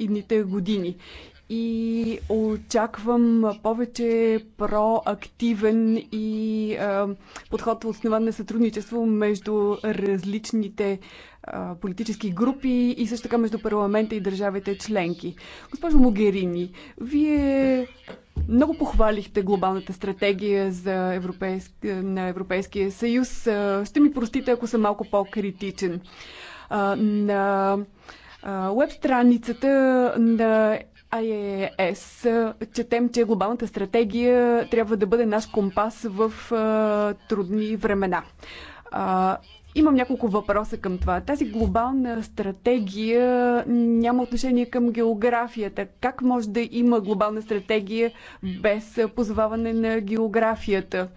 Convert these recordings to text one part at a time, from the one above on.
идните години. И очаквам повече проактивен и е, подход основан на сътрудничество между различните е, политически групи и също така между парламента и държавите членки. Госпожо Могерини, вие много похвалихте глобалната стратегия за европейск... на Европейския съюз. Ще ми простите, ако съм малко по-критичен. на Веб страницата на IAS, четем, че глобалната стратегия трябва да бъде наш компас в трудни времена. Имам няколко въпроса към това. Тази глобална стратегия няма отношение към географията. Как може да има глобална стратегия без позоваване на географията?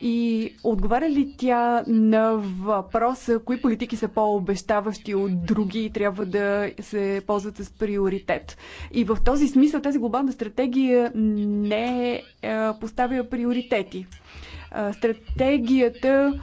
И отговаря ли тя на въпроса, кои политики са по-обещаващи от други и трябва да се ползват с приоритет? И в този смисъл тази глобална стратегия не е, поставя приоритети. Стратегията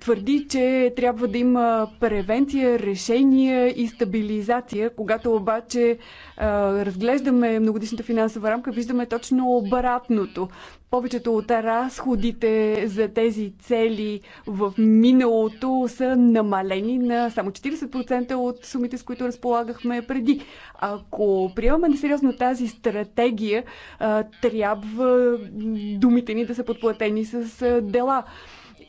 твърди, че трябва да има превенция, решения и стабилизация. Когато обаче разглеждаме многодишната финансова рамка, виждаме точно обратното. Повечето от разходите за тези цели в миналото са намалени на само 40% от сумите, с които разполагахме преди. Ако приемаме на сериозно тази стратегия, трябва думите ни да са подплатени с дела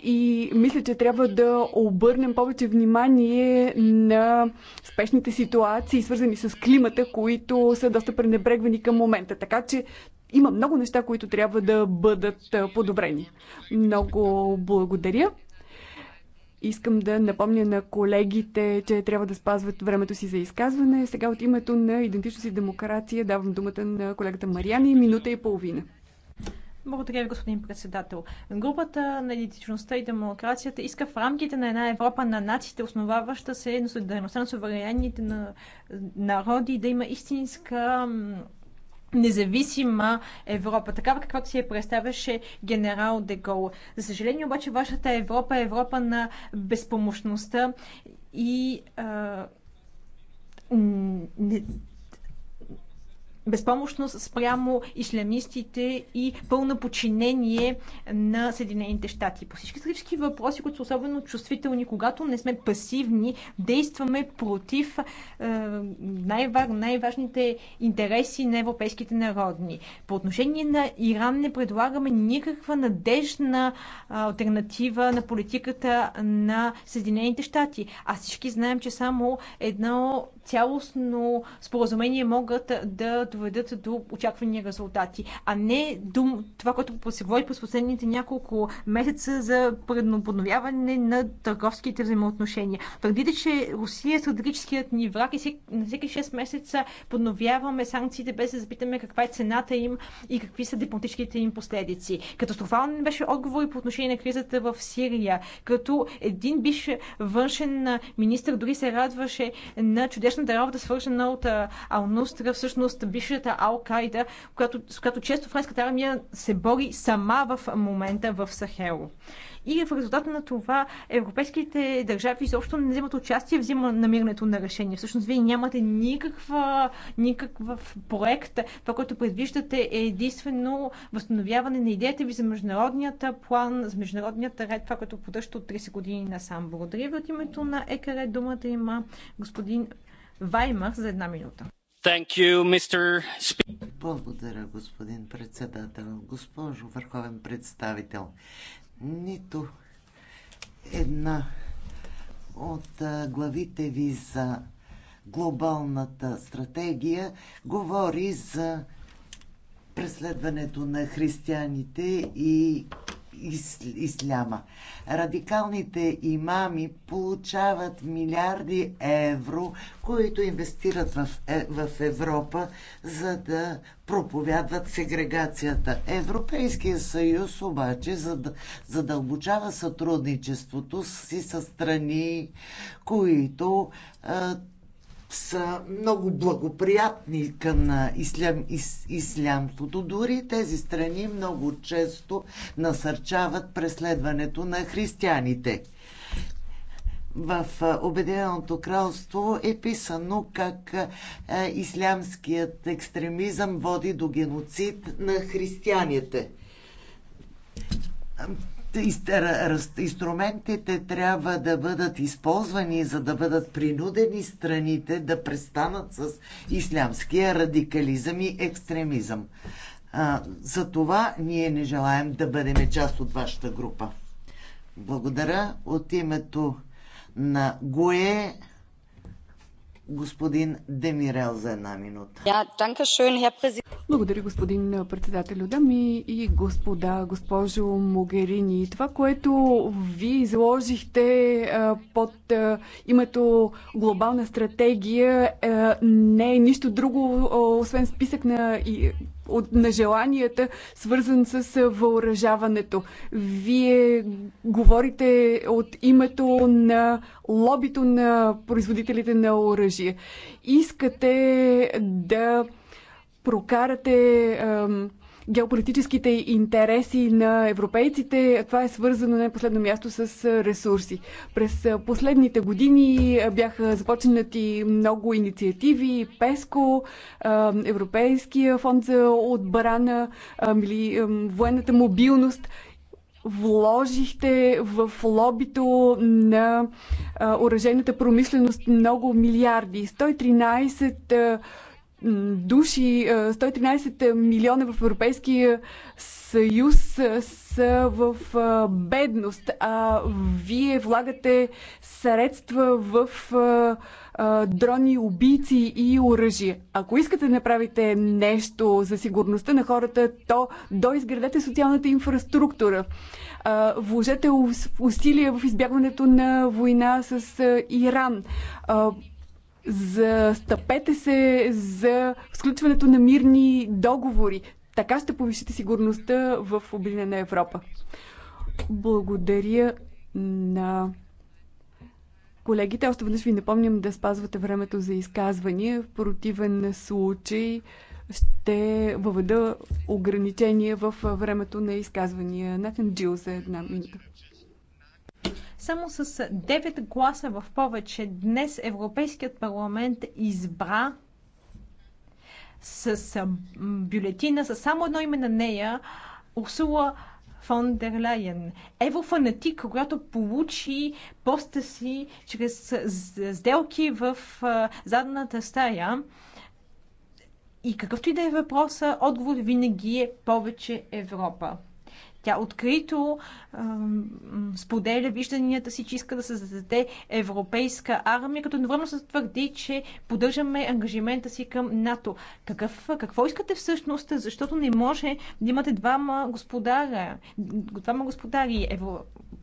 и мисля, че трябва да обърнем повече внимание на спешните ситуации, свързани с климата, които са доста пренебрегвани към момента. Така че има много неща, които трябва да бъдат подобрени. Много благодаря. Искам да напомня на колегите, че трябва да спазват времето си за изказване. Сега от името на Идентичност и демокрация давам думата на колегата Марияна и минута и половина. Благодаря ви, господин председател. Групата на идентичността и демокрацията иска в рамките на една Европа на нациите, основаваща се на солидарността на суверенните на народи, да има истинска независима Европа, такава каквато си я представяше генерал Дегол. За съжаление обаче вашата Европа е Европа на безпомощността и а, не, безпомощност спрямо ислямистите и пълно подчинение на Съединените щати. По всички исторически въпроси, които са особено чувствителни, когато не сме пасивни, действаме против е, най-важните най интереси на европейските народни. По отношение на Иран не предлагаме никаква надежна альтернатива на политиката на Съединените щати. А всички знаем, че само едно цялостно споразумение могат да доведат до очаквани резултати, а не до това, което се води през последните няколко месеца за предноподновяване на търговските взаимоотношения. Твърдите, че Русия е стратегическият ни враг и на всеки 6 месеца подновяваме санкциите без да запитаме каква е цената им и какви са дипломатическите им последици. Катастрофален беше отговор и по отношение на кризата в Сирия, като един биш външен министр дори се радваше на чудесно започна работа, свършена от Алнустра, всъщност бившата Ал-Кайда, с която често френската армия се бори сама в момента в Сахело. И в резултат на това европейските държави изобщо не вземат участие в взима намирането на решение. Всъщност вие нямате никаква, никакъв проект. Това, което предвиждате е единствено възстановяване на идеята ви за международният план, за международният ред, това, което поддържате от 30 години насам. Благодаря ви от името на ЕКР. Думата има господин Ваймах за една минута. You, Благодаря, господин председател. Госпожо върховен представител, нито една от главите ви за глобалната стратегия говори за преследването на християните и из, исляма. Радикалните имами получават милиарди евро, които инвестират в, е, в Европа, за да проповядват сегрегацията. Европейския съюз обаче задълбочава сътрудничеството си с страни, които е, са много благоприятни към ислям, ис, ислямството. Дори тези страни много често насърчават преследването на християните. В Обединеното кралство е писано как ислямският екстремизъм води до геноцид на християните инструментите трябва да бъдат използвани, за да бъдат принудени страните да престанат с ислямския радикализъм и екстремизъм. за това ние не желаем да бъдем част от вашата група. Благодаря от името на ГУЕ господин Демирел за една минута. Благодаря, господин председател. Дами и господа, госпожо Могерини, това, което ви изложихте под името глобална стратегия, не е нищо друго, освен списък на от нежеланията, свързан с въоръжаването. Вие говорите от името на лобито на производителите на оръжие. Искате да прокарате геополитическите интереси на европейците. Това е свързано на последно място с ресурси. През последните години бяха започнати много инициативи. ПЕСКО, Европейския фонд за отбрана, или военната мобилност вложихте в лобито на оръжейната промишленост много милиарди. 113 души, 113 милиона в Европейския съюз са в бедност, а вие влагате средства в дрони, убийци и оръжие. Ако искате да направите нещо за сигурността на хората, то доизградете социалната инфраструктура. Вложете усилия в избягването на война с Иран за стъпете се за сключването на мирни договори. Така ще повишите сигурността в Обединена Европа. Благодаря на колегите. Още веднъж ви напомням да спазвате времето за изказвания. В противен случай ще въведа ограничения в времето на изказвания. Натан Джил за една минута. Само с 9 гласа в повече днес Европейският парламент избра с бюлетина, с само едно име на нея, Урсула фон дер Лайен. Еврофанатик, която получи поста си чрез сделки в задната стая. И какъвто и да е въпроса, отговор винаги е повече Европа. Тя открито е, споделя вижданията си, че иска да създаде европейска армия, като едновременно се твърди, че поддържаме ангажимента си към НАТО. Какъв, какво искате всъщност, защото не може да имате двама господаря. двама господари. Евро...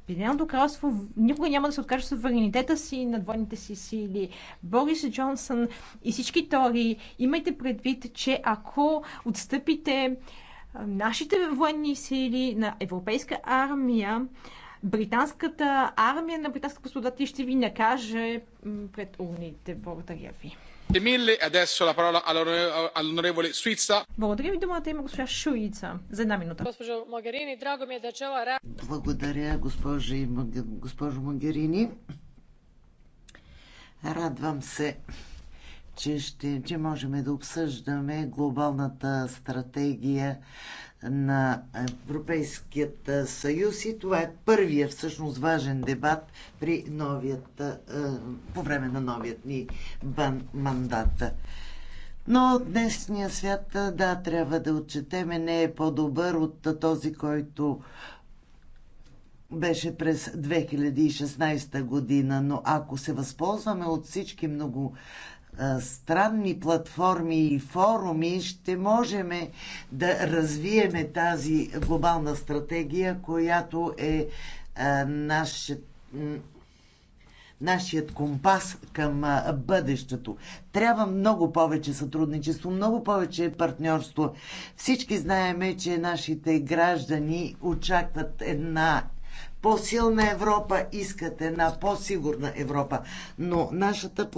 Обединеното кралство никога няма да се откаже суверенитета си на двойните си сили. Борис Джонсън и всички тори, имайте предвид, че ако отстъпите нашите военни сили, на европейска армия, британската армия на британските господати ще ви накаже пред урните. Благодаря ви. Е, Благодаря ви, думата има госпожа Шуица за една минута. Госпожо драго ми е Благодаря, госпожа и госпожо Магерини. Радвам се, че, ще, че можем да обсъждаме глобалната стратегия на Европейският съюз и това е първия всъщност важен дебат при новият, е, по време на новият ни мандат. Но днесния свят, да, трябва да отчетеме, не е по-добър от този, който беше през 2016 година, но ако се възползваме от всички много странни платформи и форуми ще можем да развиеме тази глобална стратегия, която е нашият нашият компас към бъдещето. Трябва много повече сътрудничество, много повече партньорство. Всички знаеме, че нашите граждани очакват една по-силна Европа, искат една по-сигурна Европа. Но нашата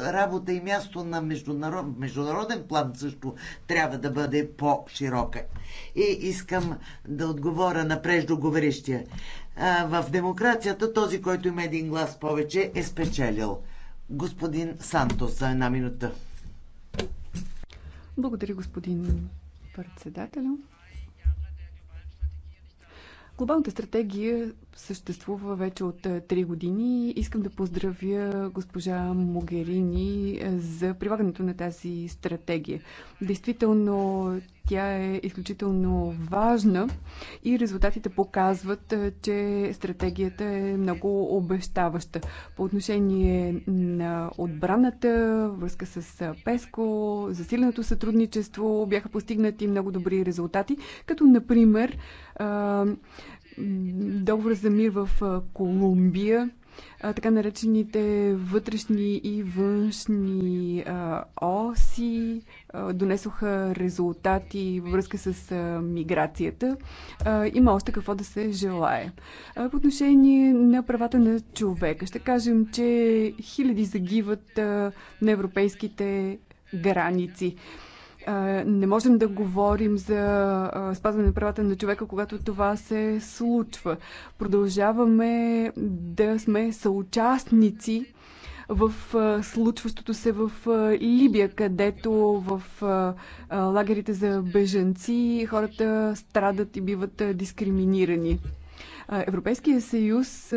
работа и място на международ, международен план също трябва да бъде по-широка. И искам да отговоря на преждоговорещия. В демокрацията този, който има един глас повече, е спечелил. Господин Сантос, за една минута. Благодаря, господин председател. Глобалната стратегия съществува вече от 3 е, години. Искам да поздравя госпожа Могерини е, за прилагането на тази стратегия. Действително, тя е изключително важна и резултатите показват, е, че стратегията е много обещаваща. По отношение на отбраната, връзка с ПЕСКО, засиленото сътрудничество бяха постигнати много добри резултати, като например договор за мир в Колумбия, така наречените вътрешни и външни оси донесоха резултати във връзка с миграцията. Има още какво да се желае. По отношение на правата на човека, ще кажем, че хиляди загиват на европейските граници не можем да говорим за спазване на правата на човека, когато това се случва. Продължаваме да сме съучастници в случващото се в Либия, където в лагерите за беженци хората страдат и биват дискриминирани. Европейския съюз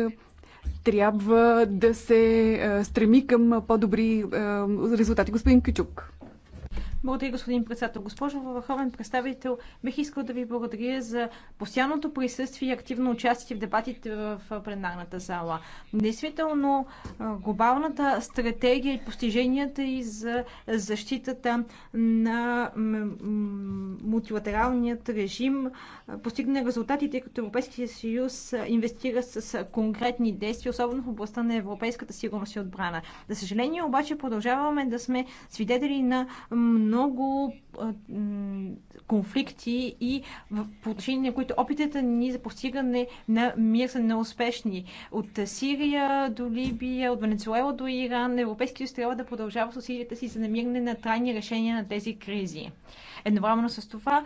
трябва да се стреми към по-добри резултати. Господин Кичук. Благодаря, господин председател. Госпожо Върховен представител, бих искал да ви благодаря за постоянното присъствие и активно участие в дебатите в пленарната зала. Действително, глобалната стратегия и постиженията и за защитата на мултилатералният режим постигна резултатите, като Европейския съюз инвестира с конкретни действия, особено в областта на европейската сигурност и отбрана. За съжаление, обаче, продължаваме да сме свидетели на много конфликти и в отношение на които опитите ни за постигане на мир са неуспешни. От Сирия до Либия, от Венецуела до Иран, Европейския съюз трябва да продължава с усилията си за намиране на трайни решения на тези кризи. Едновременно с това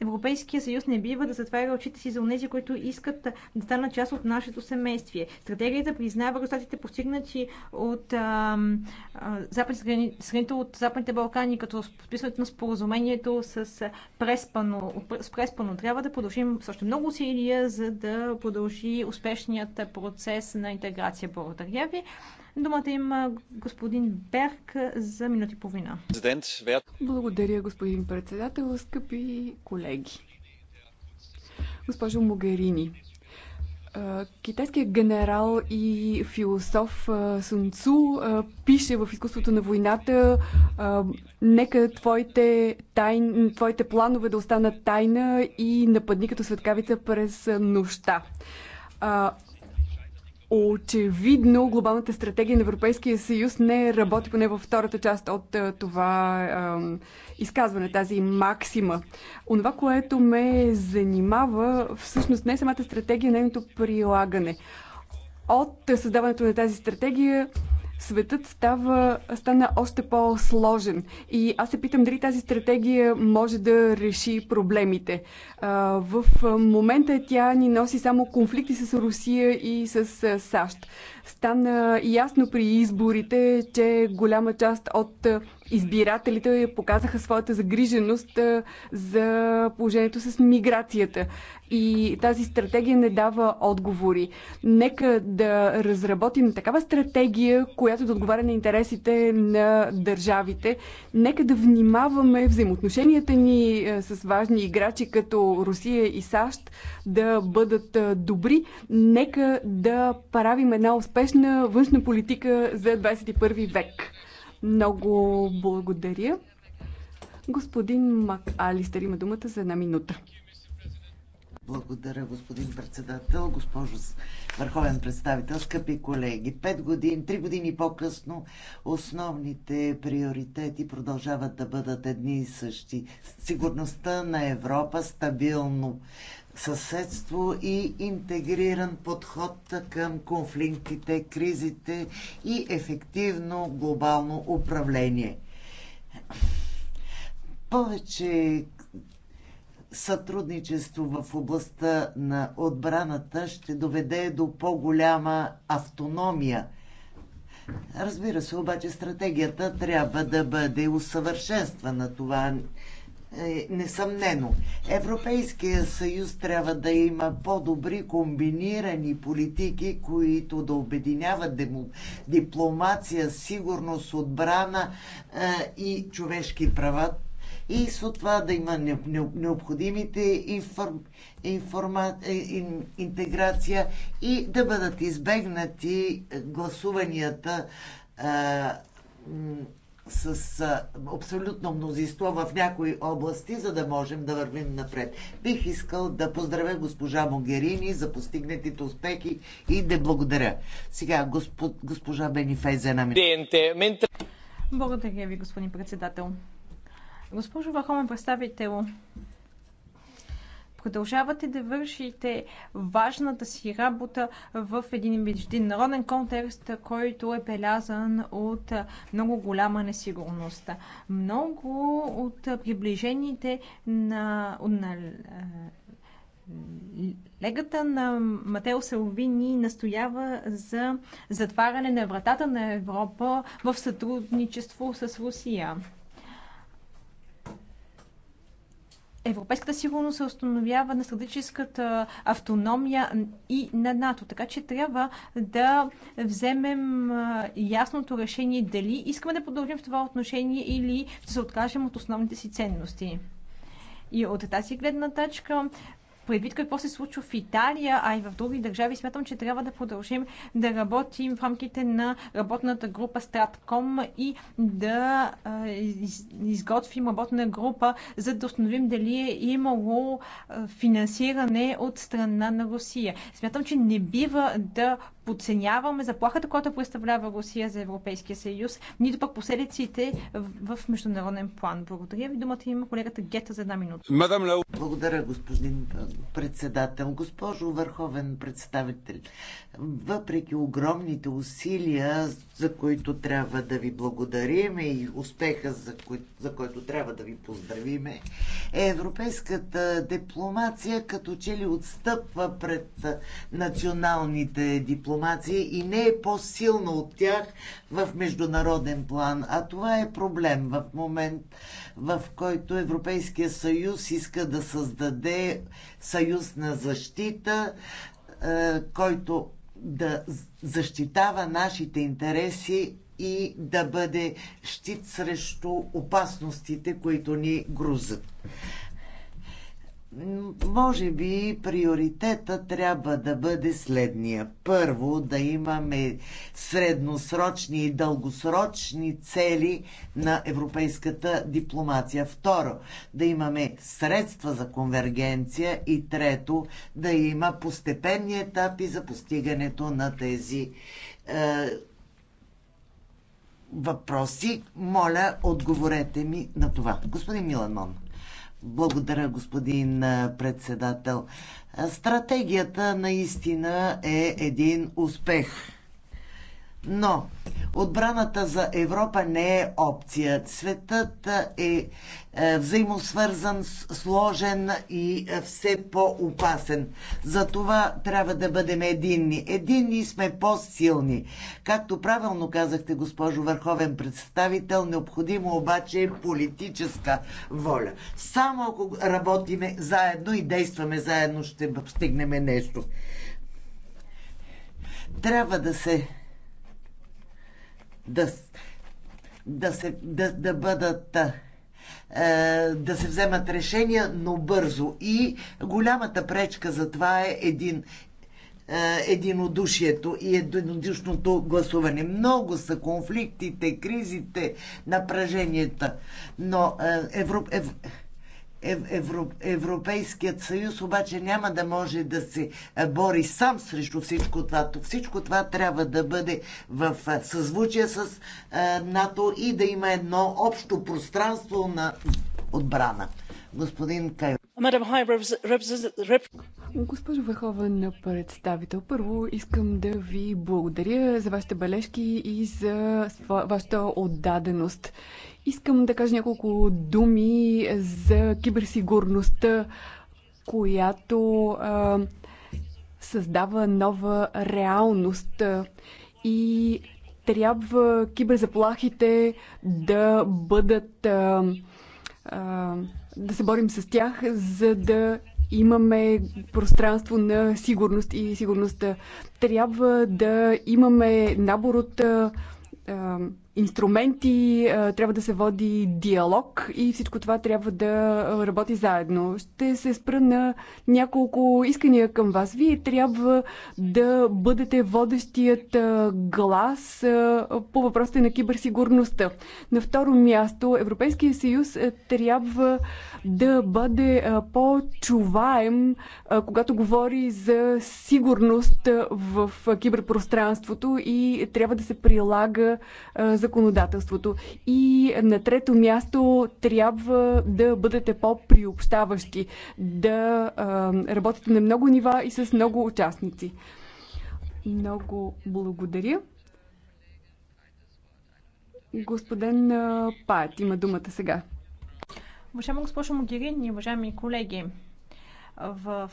Европейския съюз не бива да затваря очите си за онези, които искат да станат част от нашето семействие. Стратегията признава резултатите постигнати от а, а, запад, страните от Западните Балкани Балкани, като подписването на споразумението с Преспано. С Преспано трябва да продължим също много усилия, за да продължи успешният процес на интеграция. Благодаря ви. Думата има господин Берг за минути и половина. Благодаря, господин председател, скъпи колеги. Госпожо Могерини, Китайският генерал и философ Сун Цу пише в изкуството на войната нека твоите, тайн, твоите планове да останат тайна и нападни като светкавица през нощта. Очевидно, глобалната стратегия на Европейския съюз не работи поне във втората част от е, това е, изказване, тази максима. Онова, което ме занимава, всъщност не е самата стратегия, нейното прилагане. От създаването на тази стратегия Светът става, стана още по-сложен и аз се питам дали тази стратегия може да реши проблемите. В момента тя ни носи само конфликти с Русия и с САЩ. Стана ясно при изборите, че голяма част от избирателите показаха своята загриженост за положението с миграцията. И тази стратегия не дава отговори. Нека да разработим такава стратегия, която да отговаря на интересите на държавите. Нека да внимаваме взаимоотношенията ни с важни играчи като Русия и САЩ да бъдат добри. Нека да правим една успешна успешна външна политика за 21 век. Много благодаря. Господин Мак Алистер има думата за една минута. Благодаря, господин председател, госпожо върховен представител, скъпи колеги. Пет години, три години по-късно основните приоритети продължават да бъдат едни и същи. Сигурността на Европа, стабилно съседство и интегриран подход към конфликтите, кризите и ефективно глобално управление. Повече сътрудничество в областта на отбраната ще доведе до по-голяма автономия. Разбира се, обаче стратегията трябва да бъде усъвършенствана. Това е несъмнено. Европейския съюз трябва да има по-добри комбинирани политики, които да обединяват дипломация, сигурност, отбрана е, и човешки права и с това да има необходимите информ, информа, е, интеграция и да бъдат избегнати е, гласуванията е, с а, абсолютно мнозинство в някои области, за да можем да вървим напред. Бих искал да поздравя госпожа Могерини за постигнатите успехи и да благодаря. Сега госпо, госпожа Бенифей за една минута. Благодаря ви, господин председател. Госпожо Вахомен представител, продължавате да вършите важната си работа в един международен контекст, който е белязан от много голяма несигурност. Много от приближените на, на е, Легата на Матео Салвини настоява за затваряне на вратата на Европа в сътрудничество с Русия. Европейската сигурност се установява на стратегическата автономия и на НАТО. Така че трябва да вземем ясното решение дали искаме да продължим в това отношение или ще се откажем от основните си ценности. И от тази гледна точка предвид какво се случва в Италия, а и в други държави, смятам, че трябва да продължим да работим в рамките на работната група Стратком и да изготвим работна група, за да установим дали е имало финансиране от страна на Русия. Смятам, че не бива да подценяваме заплахата, която представлява Русия за Европейския съюз, нито пък последиците в международен план. Благодаря ви. Думата има колегата Гета за една минута. Благодаря, господин председател. Госпожо Върховен представител, въпреки огромните усилия, за които трябва да ви благодарим и успеха, за, кой, за който трябва да ви поздравиме, европейската дипломация като че ли отстъпва пред националните дипломации и не е по-силна от тях в международен план. А това е проблем в момент, в който Европейския съюз иска да създаде съюз на защита, е, който да защитава нашите интереси и да бъде щит срещу опасностите, които ни грузат може би приоритета трябва да бъде следния. Първо, да имаме средносрочни и дългосрочни цели на европейската дипломация. Второ, да имаме средства за конвергенция. И трето, да има постепенни етапи за постигането на тези е, въпроси. Моля, отговорете ми на това. Господин Миланон. Благодаря, господин председател. Стратегията наистина е един успех. Но отбраната за Европа не е опция. Светът е, е взаимосвързан, сложен и е, все по-опасен. Затова трябва да бъдем единни. Единни сме по-силни. Както правилно казахте, госпожо Върховен представител, необходимо обаче е политическа воля. Само ако работиме заедно и действаме заедно, ще стигнем нещо. Трябва да се да, да, се, да, да бъдат е, да се вземат решения, но бързо. И голямата пречка за това е един е, единодушието и единодушното гласуване. Много са конфликтите, кризите, напреженията, но е, Европ... Ев... Европейският съюз обаче няма да може да се бори сам срещу всичко това. Всичко това трябва да бъде в съзвучие с НАТО и да има едно общо пространство на отбрана. Господин Кай. Госпожо на представител, първо искам да ви благодаря за вашите бележки и за вашата отдаденост Искам да кажа няколко думи за киберсигурността, която а, създава нова реалност и трябва киберзаплахите да бъдат. А, а, да се борим с тях, за да имаме пространство на сигурност и сигурността. Трябва да имаме набор от а, инструменти, трябва да се води диалог и всичко това трябва да работи заедно. Ще се спра на няколко искания към вас. Вие трябва да бъдете водещият глас по въпросите на киберсигурността. На второ място, Европейския съюз трябва да бъде по-чуваем, когато говори за сигурност в киберпространството и трябва да се прилага законодателството. И на трето място трябва да бъдете по-приобщаващи, да работите на много нива и с много участници. Много благодаря. Господин Пат има думата сега. Уважаема госпожо и уважаеми колеги, в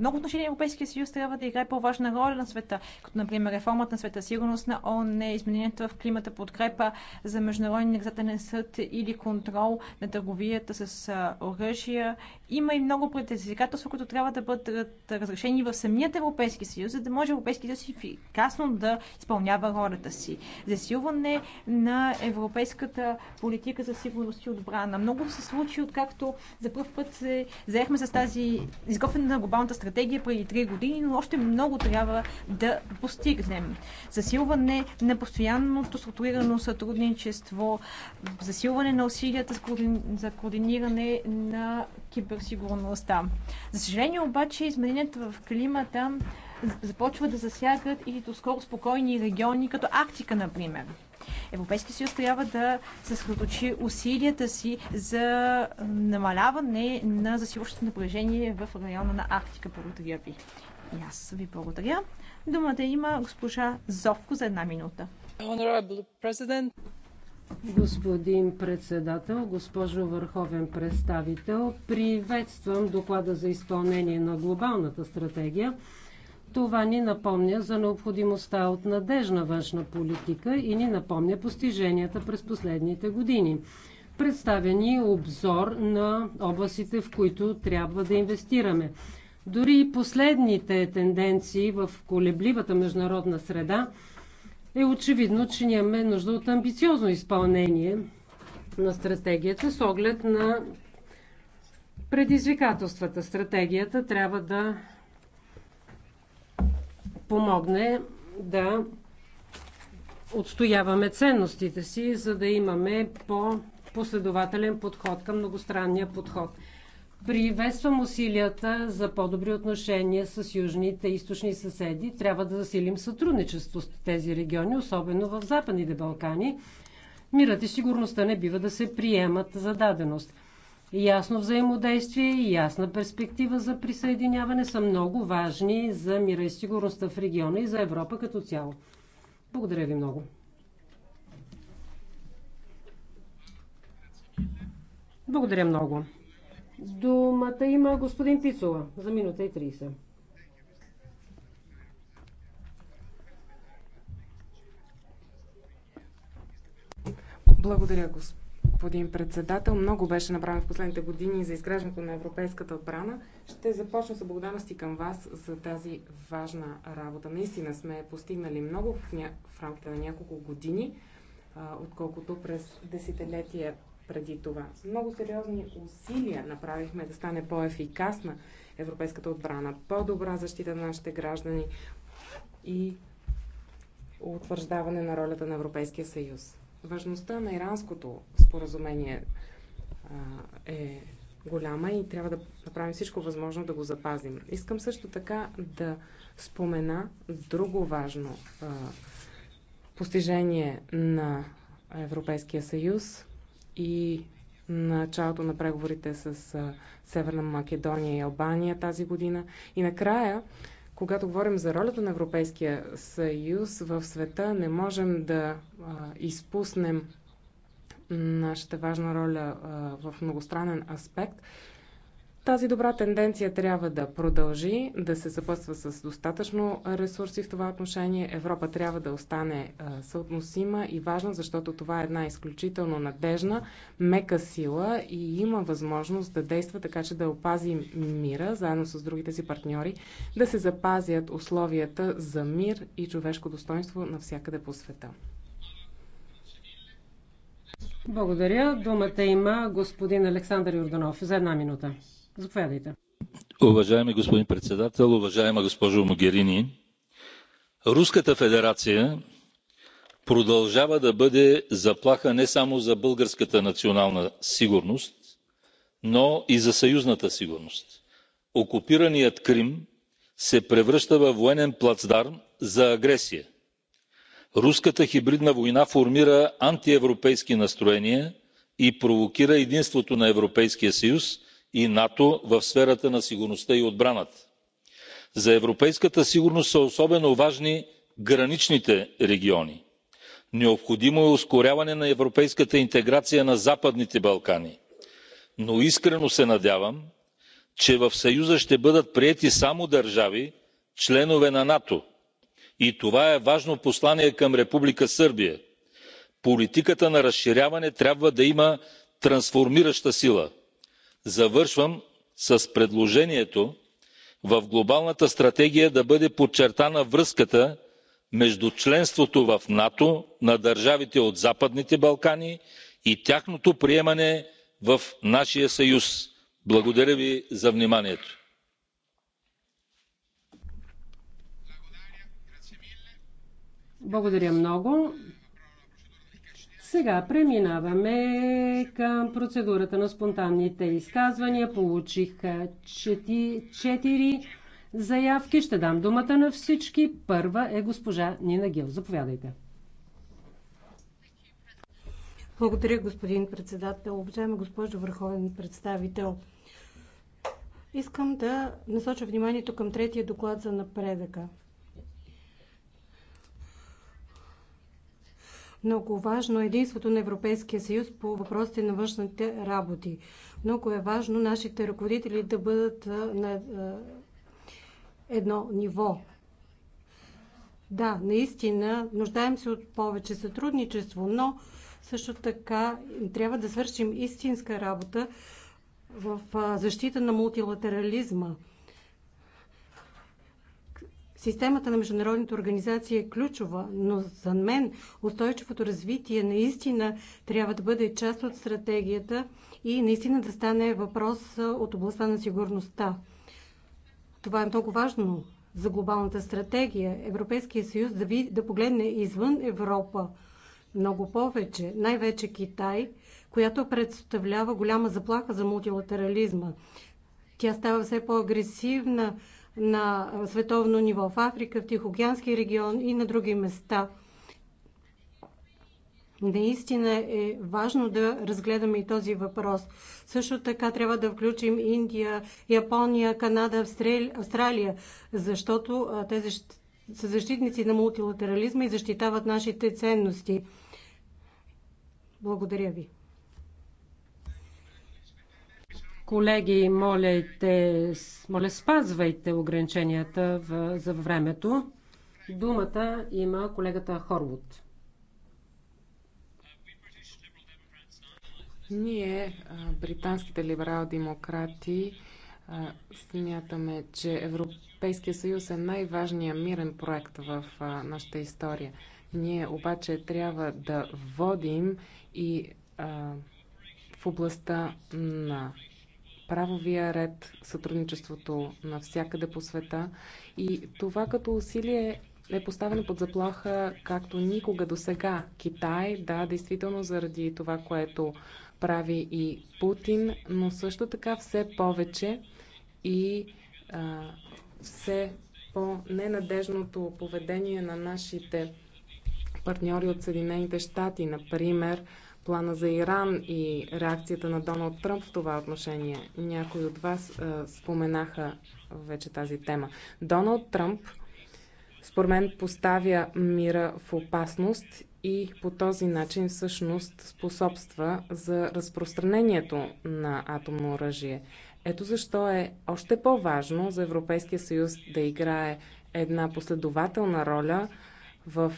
много отношения Европейския съюз трябва да играе по-важна роля на света, като например реформата на света, сигурност на ООН, изменението в климата, подкрепа за Международен наказателен съд или контрол на търговията с оръжия има и много предизвикателства, които трябва да бъдат разрешени в самият Европейски съюз, за да може Европейски съюз ефикасно да изпълнява ролята си. Засилване на европейската политика за сигурност и отбрана. Много се случи, откакто за първ път се заехме с тази изготвена на глобалната стратегия преди 3 години, но още много трябва да постигнем. Засилване на постоянното структурирано сътрудничество, засилване на усилията за координиране на кибер Сигурността. За съжаление обаче измененията в климата започват да засягат и доскоро спокойни региони, като Арктика, например. Европейския съюз трябва да съсредоточи усилията си за намаляване на засилващото напрежение в района на Арктика. Благодаря ви. И аз ви благодаря. Думата има госпожа Зовко за една минута. Господин председател, госпожо върховен представител, приветствам доклада за изпълнение на глобалната стратегия. Това ни напомня за необходимостта от надежна външна политика и ни напомня постиженията през последните години. Представени обзор на областите, в които трябва да инвестираме. Дори и последните тенденции в колебливата международна среда е очевидно, че нямаме нужда от амбициозно изпълнение на стратегията с оглед на предизвикателствата. Стратегията трябва да помогне да отстояваме ценностите си, за да имаме по-последователен подход към многостранния подход. Приветствам усилията за по-добри отношения с южните и източни съседи. Трябва да засилим сътрудничество с тези региони, особено в Западните Балкани. Мирът и сигурността не бива да се приемат за даденост. Ясно взаимодействие и ясна перспектива за присъединяване са много важни за мира и сигурността в региона и за Европа като цяло. Благодаря ви много. Благодаря много. Думата има господин Пицова за минута и 30. Благодаря, господин председател. Много беше направено в последните години за изграждането на европейската отбрана. Ще започна с благодарности към вас за тази важна работа. Наистина сме постигнали много в, ня... в рамките на няколко години, отколкото през десетилетия преди това. Много сериозни усилия направихме да стане по-ефикасна европейската отбрана, по-добра защита на нашите граждани и утвърждаване на ролята на Европейския съюз. Важността на иранското споразумение а, е голяма и трябва да направим всичко възможно да го запазим. Искам също така да спомена друго важно а, постижение на Европейския съюз и началото на преговорите с Северна Македония и Албания тази година. И накрая, когато говорим за ролята на Европейския съюз в света, не можем да изпуснем нашата важна роля в многостранен аспект тази добра тенденция трябва да продължи, да се съпътства с достатъчно ресурси в това отношение. Европа трябва да остане съотносима и важна, защото това е една изключително надежна, мека сила и има възможност да действа така, че да опази мира, заедно с другите си партньори, да се запазят условията за мир и човешко достоинство навсякъде по света. Благодаря. Думата има господин Александър Юрданов за една минута. Заповядайте. Уважаеми господин председател, уважаема госпожо Могерини, Руската федерация продължава да бъде заплаха не само за българската национална сигурност, но и за съюзната сигурност. Окупираният Крим се превръща във военен плацдарм за агресия. Руската хибридна война формира антиевропейски настроения и провокира единството на Европейския съюз и нато в сферата на сигурността и отбраната. за европейската сигурност са особено важни граничните региони. необходимо е ускоряване на европейската интеграция на западните балкани но искрено се надявам че в съюза ще бъдат приети само държави членове на нато и това е важно послание към република сърбия. политиката на разширяване трябва да има трансформираща сила завършвам с предложението в глобалната стратегия да бъде подчертана връзката между членството в нато на държавите от западните балкани и тяхното приемане в нашия съюз. благодаря ви за вниманието. Благодаря много. Сега преминаваме към процедурата на спонтанните изказвания. Получих четири заявки. Ще дам думата на всички. Първа е госпожа Нина Гил. Заповядайте. Благодаря, господин председател. Уважаема госпожо върховен представител, искам да насоча вниманието към третия доклад за напредъка. Много важно е единството на Европейския съюз по въпросите на външните работи. Много е важно нашите ръководители да бъдат на едно ниво. Да, наистина, нуждаем се от повече сътрудничество, но също така трябва да свършим истинска работа в защита на мултилатерализма. Системата на международните организации е ключова, но за мен устойчивото развитие наистина трябва да бъде част от стратегията и наистина да стане въпрос от областта на сигурността. Това е много важно за глобалната стратегия. Европейския съюз да, ви, да погледне извън Европа много повече, най-вече Китай, която представлява голяма заплаха за мултилатерализма. Тя става все по-агресивна на световно ниво в Африка, в Тихоокеанския регион и на други места. Наистина е важно да разгледаме и този въпрос. Също така трябва да включим Индия, Япония, Канада, Австралия, защото те са защитници на мултилатерализма и защитават нашите ценности. Благодаря ви. Колеги, моляйте, моля спазвайте ограниченията в, за времето. Думата има колегата Хорвуд. Ние, британските либерал-демократи, смятаме, че Европейския съюз е най-важният мирен проект в нашата история. Ние обаче трябва да водим и в областта на правовия ред, сътрудничеството навсякъде по света. И това като усилие е поставено под заплаха както никога до сега. Китай, да, действително заради това, което прави и Путин, но също така все повече и а, все по-ненадежното поведение на нашите партньори от Съединените щати, например, плана за Иран и реакцията на Доналд Тръмп в това отношение. Някои от вас а, споменаха вече тази тема. Доналд Тръмп, според мен, поставя мира в опасност и по този начин всъщност способства за разпространението на атомно оръжие. Ето защо е още по-важно за Европейския съюз да играе една последователна роля в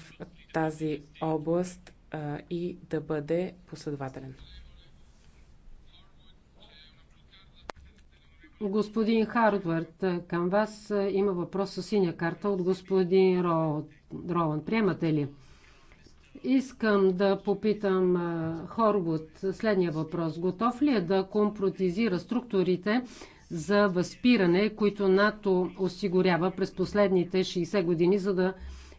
тази област а, и да бъде последователен. Господин Хардвард, към вас има въпрос с синя карта от господин Ро... Ролан. Приемате ли? Искам да попитам Хорвуд следния въпрос. Готов ли е да компротизира структурите за възпиране, които НАТО осигурява през последните 60 години, за да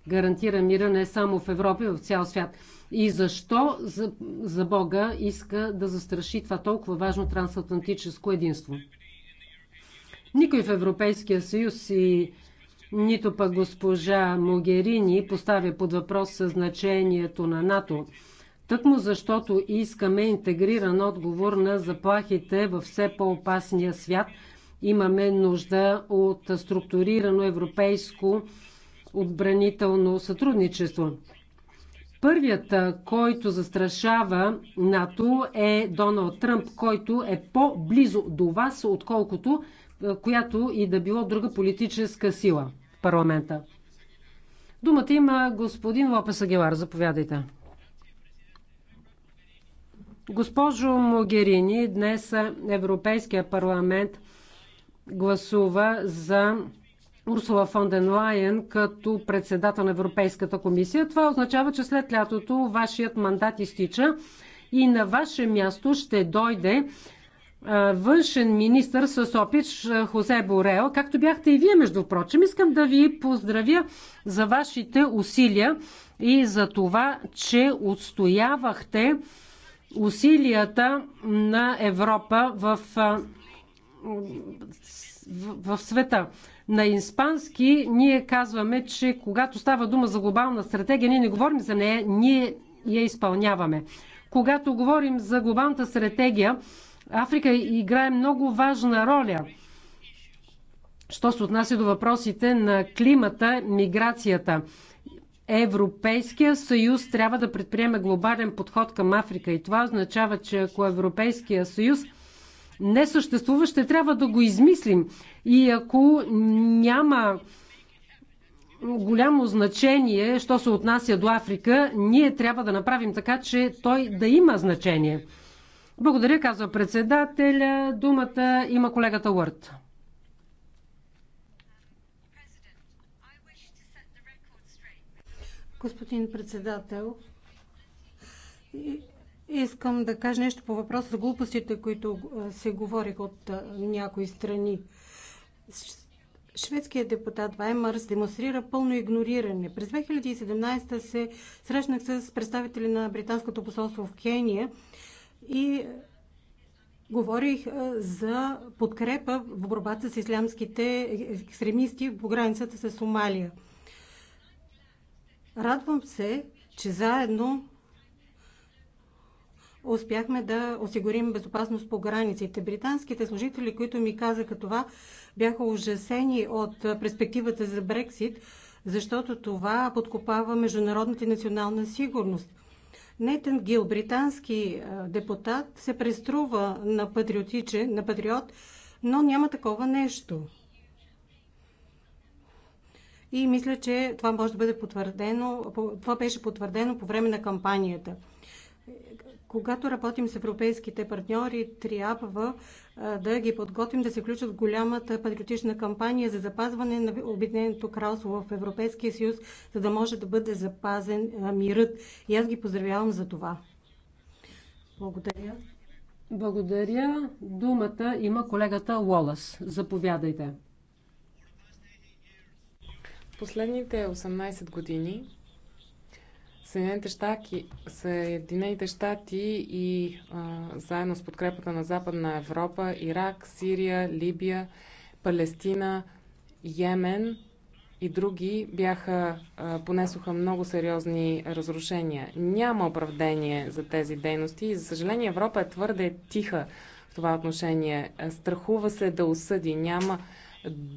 гарантира мира не само в Европа, а в цял свят. И защо за, за Бога иска да застраши това толкова важно трансатлантическо единство? Никой в Европейския съюз и нито пък госпожа Могерини поставя под въпрос значението на НАТО. Тъкмо защото искаме интегриран отговор на заплахите във все по-опасния свят, имаме нужда от структурирано европейско отбранително сътрудничество. Първият, който застрашава НАТО е Доналд Тръмп, който е по-близо до вас, отколкото която и да било друга политическа сила в парламента. Думата има господин Лопес Агелар. Заповядайте. Госпожо Могерини, днес Европейския парламент гласува за Урсула фон ден Лайен като председател на Европейската комисия. Това означава, че след лятото вашият мандат изтича и на ваше място ще дойде външен министр с опит Хозе Борео. както бяхте и вие, между прочим. Искам да ви поздравя за вашите усилия и за това, че отстоявахте усилията на Европа в в, в света. На испански ние казваме, че когато става дума за глобална стратегия, ние не говорим за нея, ние я изпълняваме. Когато говорим за глобалната стратегия, Африка играе много важна роля. Що се отнася до въпросите на климата, миграцията. Европейския съюз трябва да предприеме глобален подход към Африка и това означава, че ако Европейския съюз – не съществува, ще трябва да го измислим. И ако няма голямо значение, що се отнася до Африка, ние трябва да направим така, че той да има значение. Благодаря, казва председателя. Думата има колегата Уърт. Господин председател, Искам да кажа нещо по въпроса за глупостите, които се говорих от някои страни. Шведският депутат Ваймърс демонстрира пълно игнориране. През 2017 се срещнах с представители на Британското посолство в Кения и говорих за подкрепа в борбата с ислямските екстремисти по границата с Сомалия. Радвам се, че заедно успяхме да осигурим безопасност по границите. Британските служители, които ми казаха това, бяха ужасени от перспективата за Брексит, защото това подкопава международната и национална сигурност. Нейтан Гил, британски депутат, се преструва на, патриотичен, на патриот, но няма такова нещо. И мисля, че това може да бъде потвърдено, това беше потвърдено по време на кампанията. Когато работим с европейските партньори, трябва да ги подготвим да се включат в голямата патриотична кампания за запазване на Обединеното кралство в Европейския съюз, за да може да бъде запазен мирът. И аз ги поздравявам за това. Благодаря. Благодаря. Думата има колегата Лолас. Заповядайте. Последните 18 години Съединените щати, Съединените щати и а, заедно с подкрепата на Западна Европа, Ирак, Сирия, Либия, Палестина, Йемен и други бяха, а, понесоха много сериозни разрушения. Няма оправдание за тези дейности и, за съжаление, Европа е твърде тиха в това отношение. Страхува се да осъди. Няма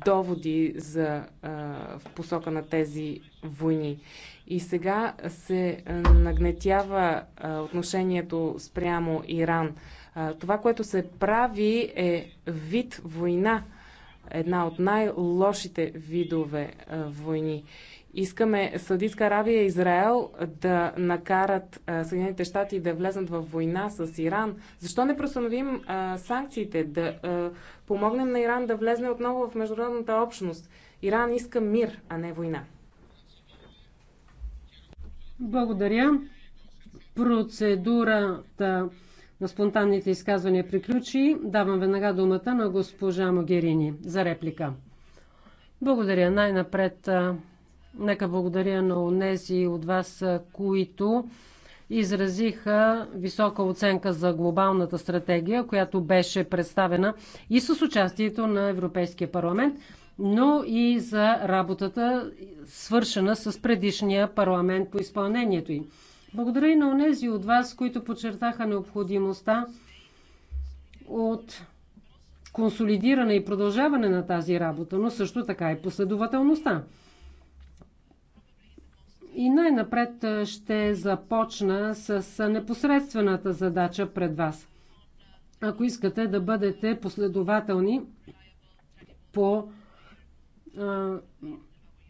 доводи за, а, в посока на тези войни. И сега се нагнетява а, отношението спрямо Иран. А, това, което се прави е вид война. Една от най-лошите видове а, войни. Искаме Саудитска Аравия и Израел да накарат Съединените щати да влезнат в война с Иран. Защо не простановим а, санкциите, да а, помогнем на Иран да влезне отново в международната общност? Иран иска мир, а не война. Благодаря. Процедурата на спонтанните изказвания приключи. Давам веднага думата на госпожа Могерини за реплика. Благодаря. Най-напред Нека благодаря на унези от вас, които изразиха висока оценка за глобалната стратегия, която беше представена и с участието на Европейския парламент, но и за работата, свършена с предишния парламент по изпълнението им. Благодаря и на унези от вас, които подчертаха необходимостта от консолидиране и продължаване на тази работа, но също така и последователността. И най-напред ще започна с непосредствената задача пред вас. Ако искате да бъдете последователни по.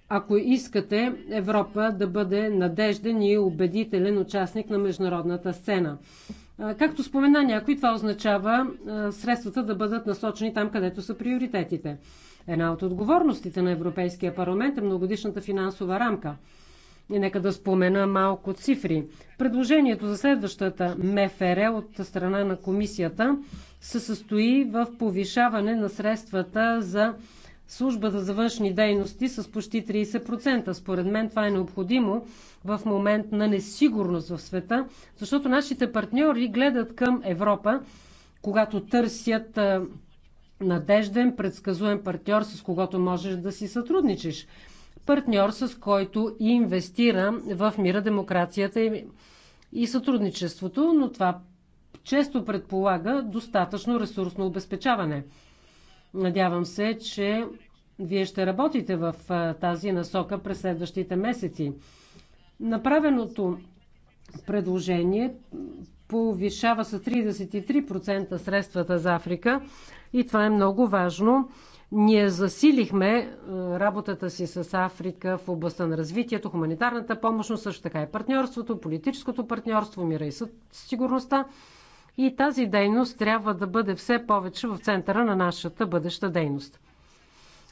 Ако искате Европа да бъде надежден и убедителен участник на международната сцена. Както спомена някой, това означава средствата да бъдат насочени там, където са приоритетите. Една от отговорностите на Европейския парламент е многодишната финансова рамка – и нека да спомена малко цифри. Предложението за следващата МФР от страна на комисията се състои в повишаване на средствата за службата за външни дейности с почти 30%. Според мен това е необходимо в момент на несигурност в света, защото нашите партньори гледат към Европа, когато търсят надежден, предсказуем партньор, с когото можеш да си сътрудничиш партньор, с който инвестира в мира, демокрацията и, и сътрудничеството, но това често предполага достатъчно ресурсно обезпечаване. Надявам се, че вие ще работите в тази насока през следващите месеци. Направеното предложение повишава с 33% средствата за Африка и това е много важно ние засилихме е, работата си с Африка в областта на развитието, хуманитарната помощ, но също така и партньорството, политическото партньорство, мира и сигурността. И тази дейност трябва да бъде все повече в центъра на нашата бъдеща дейност.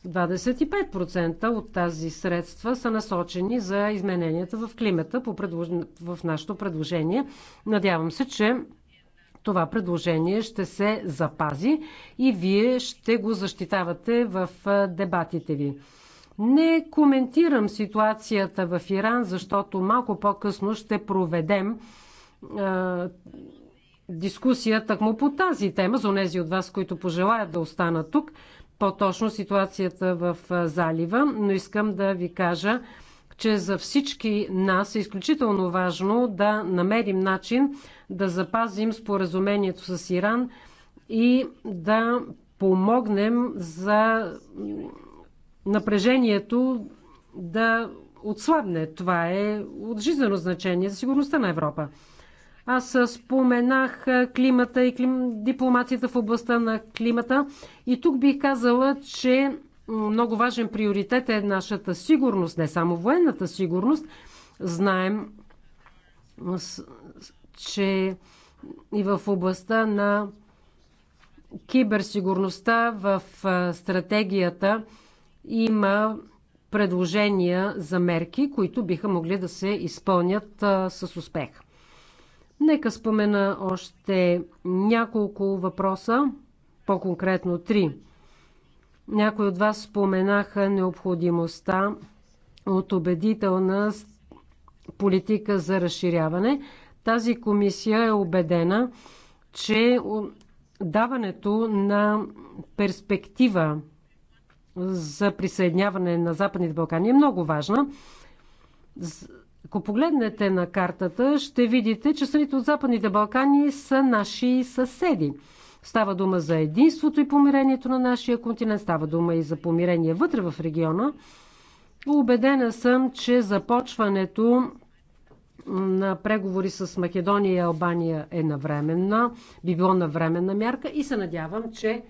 25% от тази средства са насочени за измененията в климата по предлож... в нашето предложение. Надявам се, че това предложение ще се запази и вие ще го защитавате в дебатите ви. Не коментирам ситуацията в Иран, защото малко по-късно ще проведем е, дискусията му по тази тема, за тези от вас, които пожелаят да останат тук, по-точно ситуацията в залива, но искам да ви кажа, че за всички нас е изключително важно да намерим начин да запазим споразумението с Иран и да помогнем за напрежението да отслабне. Това е от жизнено значение за сигурността на Европа. Аз споменах климата и клим... дипломацията в областта на климата и тук бих казала, че много важен приоритет е нашата сигурност, не само военната сигурност. Знаем, че и в областта на киберсигурността в стратегията има предложения за мерки, които биха могли да се изпълнят с успех. Нека спомена още няколко въпроса, по-конкретно три – някои от вас споменаха необходимостта от убедителна политика за разширяване. Тази комисия е убедена, че даването на перспектива за присъединяване на Западните Балкани е много важна. Ако погледнете на картата, ще видите, че страните от Западните Балкани са наши съседи. Става дума за единството и помирението на нашия континент, става дума и за помирение вътре в региона. Убедена съм, че започването на преговори с Македония и Албания е навременна, би било навременна мярка и се надявам, че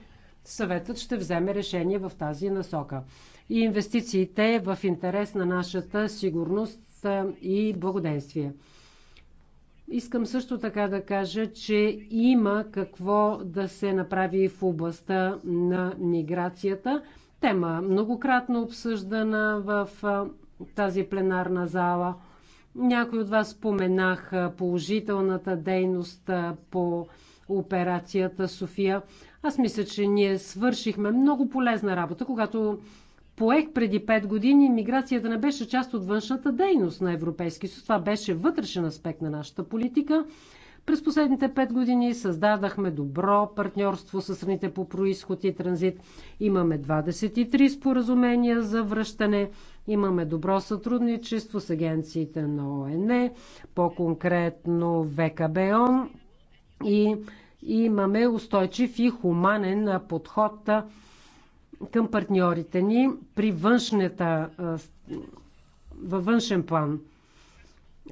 съветът ще вземе решение в тази насока. И инвестициите в интерес на нашата сигурност и благоденствие. Искам също така да кажа, че има какво да се направи в областта на миграцията. Тема многократно обсъждана в тази пленарна зала. Някой от вас споменах положителната дейност по операцията София. Аз мисля, че ние свършихме много полезна работа, когато поех преди 5 години, миграцията не беше част от външната дейност на Европейски съюз. Това беше вътрешен аспект на нашата политика. През последните 5 години създадахме добро партньорство с страните по происход и транзит. Имаме 23 споразумения за връщане. Имаме добро сътрудничество с агенциите на ОНЕ, по-конкретно ВКБОН и имаме устойчив и хуманен подход към партньорите ни при външната, във външен план.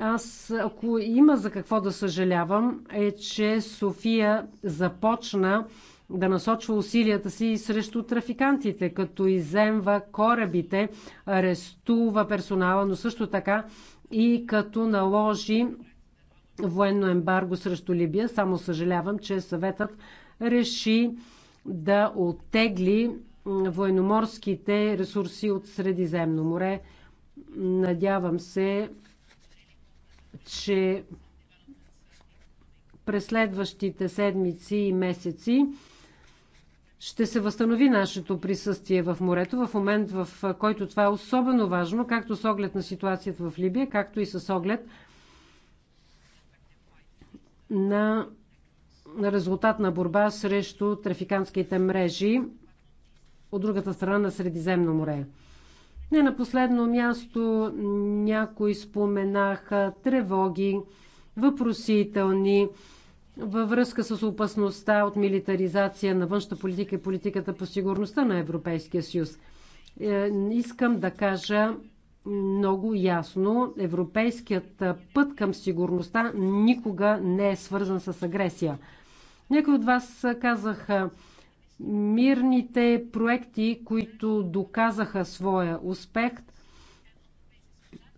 Аз, ако има за какво да съжалявам, е, че София започна да насочва усилията си срещу трафикантите, като иземва корабите, арестува персонала, но също така и като наложи военно ембарго срещу Либия. Само съжалявам, че съветът реши да оттегли военноморските ресурси от Средиземно море. Надявам се, че през следващите седмици и месеци ще се възстанови нашето присъствие в морето в момент, в който това е особено важно, както с оглед на ситуацията в Либия, както и с оглед на резултат на борба срещу трафикантските мрежи от другата страна на Средиземно море. Не на последно място някои споменаха тревоги, въпросителни във връзка с опасността от милитаризация на външна политика и политиката по сигурността на Европейския съюз. Е, искам да кажа много ясно, европейският път към сигурността никога не е свързан с агресия. Някои от вас казаха, мирните проекти, които доказаха своя успех,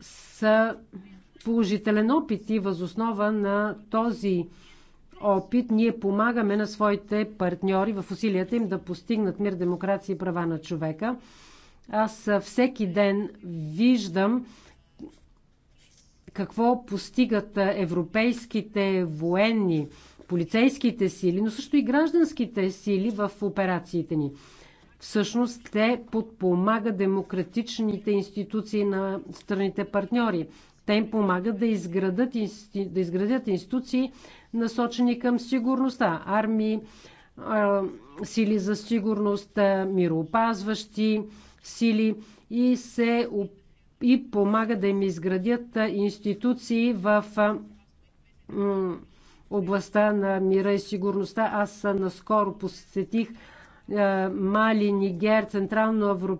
са положителен опит и възоснова на този опит ние помагаме на своите партньори в усилията им да постигнат мир, демокрация и права на човека. Аз всеки ден виждам какво постигат европейските военни, полицейските сили, но също и гражданските сили в операциите ни. Всъщност те подпомагат демократичните институции на страните партньори. Те им помагат да изградят, да изградят институции, насочени към сигурността. Армии, сили за сигурност, мироопазващи сили и се и помага да им изградят институции в областта на мира и сигурността. Аз наскоро посетих е, Мали, Нигер, централно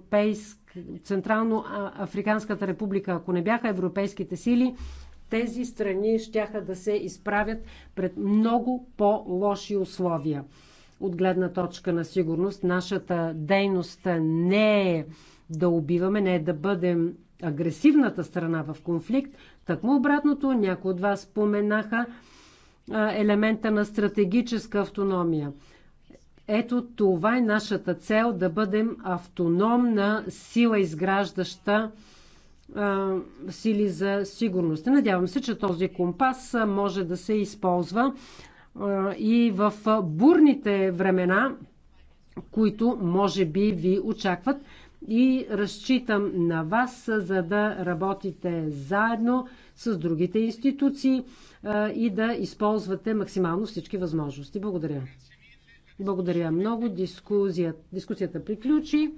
Централно-Африканската република. Ако не бяха европейските сили, тези страни щяха да се изправят пред много по-лоши условия. От гледна точка на сигурност, нашата дейност не е да убиваме, не е да бъдем агресивната страна в конфликт. Такмо обратното, някои от вас споменаха елемента на стратегическа автономия. Ето това е нашата цел да бъдем автономна сила, изграждаща а, сили за сигурност. Надявам се, че този компас може да се използва а, и в бурните времена, които може би ви очакват. И разчитам на вас, за да работите заедно с другите институции и да използвате максимално всички възможности. Благодаря. Благодаря много. Дискусия, дискусията приключи.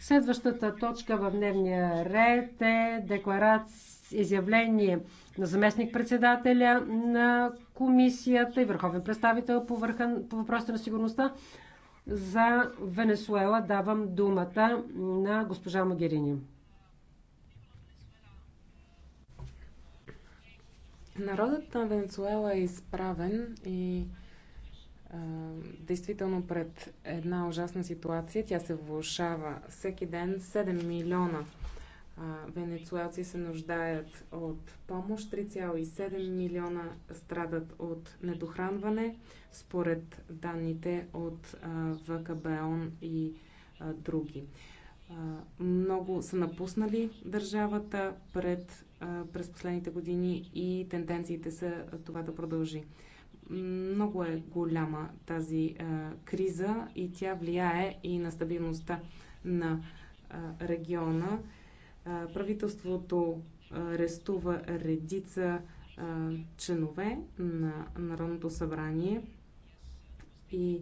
Следващата точка в дневния ред е декларация, изявление на заместник-председателя на комисията и върховен представител по, върхан, по въпросите на сигурността за Венесуела давам думата на госпожа Магерини. Народът на Венецуела е изправен и а, действително пред една ужасна ситуация. Тя се влушава всеки ден 7 милиона венецуелци се нуждаят от помощ. 3,7 милиона страдат от недохранване, според данните от ВКБОН и други. Много са напуснали държавата пред, през последните години и тенденциите са това да продължи. Много е голяма тази криза и тя влияе и на стабилността на региона правителството арестува редица членове на Народното събрание и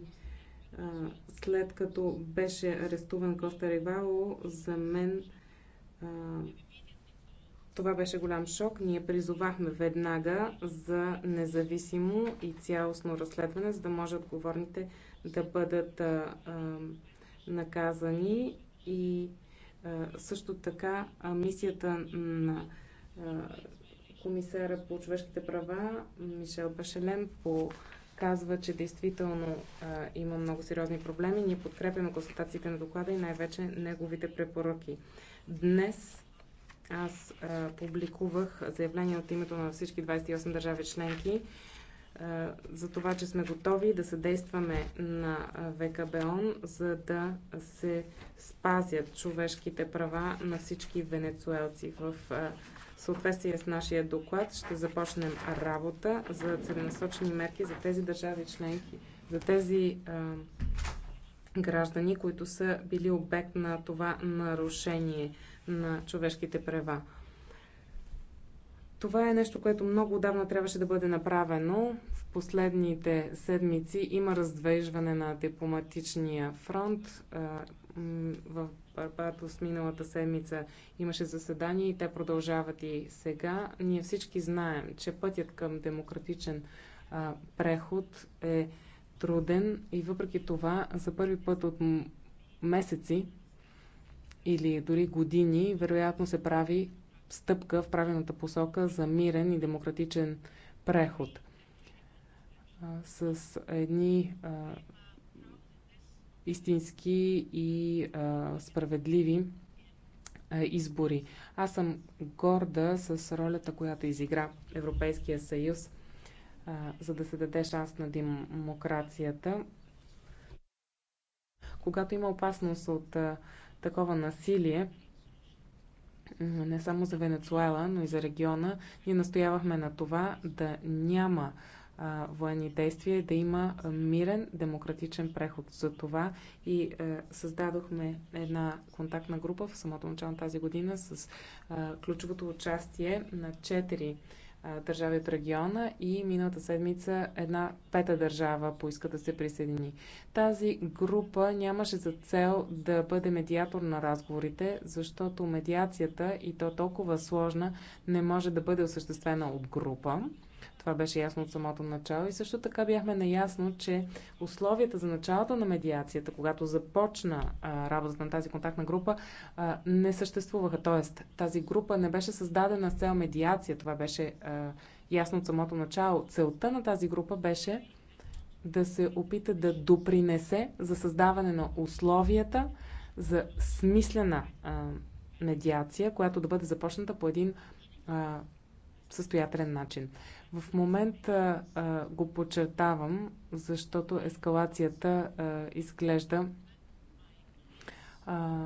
след като беше арестуван Коста Ревало, за мен това беше голям шок. Ние призовахме веднага за независимо и цялостно разследване, за да може отговорните да бъдат наказани и е, също така мисията на е, комисара по човешките права Мишел Пашелен показва, казва, че действително е, има много сериозни проблеми. Ние подкрепяме констатациите на доклада и най-вече неговите препоръки. Днес аз а, публикувах заявление от името на всички 28 държави членки за това, че сме готови да съдействаме на ВКБОН, за да се спазят човешките права на всички венецуелци. В съответствие с нашия доклад ще започнем работа за целенасочени мерки за тези държави членки, за тези а, граждани, които са били обект на това нарушение на човешките права. Това е нещо, което много отдавна трябваше да бъде направено. В последните седмици има раздвежване на дипломатичния фронт. В Барбатос миналата седмица имаше заседание и те продължават и сега. Ние всички знаем, че пътят към демократичен преход е труден и въпреки това за първи път от месеци или дори години вероятно се прави стъпка в правилната посока за мирен и демократичен преход. С едни истински и справедливи избори. Аз съм горда с ролята, която изигра Европейския съюз, за да се даде шанс на демокрацията. Когато има опасност от такова насилие, не само за Венецуела, но и за региона, ние настоявахме на това да няма а, военни действия, да има мирен, демократичен преход. За това и а, е, създадохме една контактна група в самото начало на тази година с а, ключовото участие на четири 4 държави от региона и миналата седмица една пета държава поиска да се присъедини. Тази група нямаше за цел да бъде медиатор на разговорите, защото медиацията и то толкова сложна не може да бъде осъществена от група. Това беше ясно от самото начало и също така бяхме наясно, че условията за началото на медиацията, когато започна а, работата на тази контактна група, а, не съществуваха. Тоест, тази група не беше създадена с цел медиация. Това беше а, ясно от самото начало. Целта на тази група беше да се опита да допринесе за създаване на условията за смислена а, медиация, която да бъде започната по един а, състоятелен начин. В момента а, го подчертавам, защото ескалацията а, изглежда а,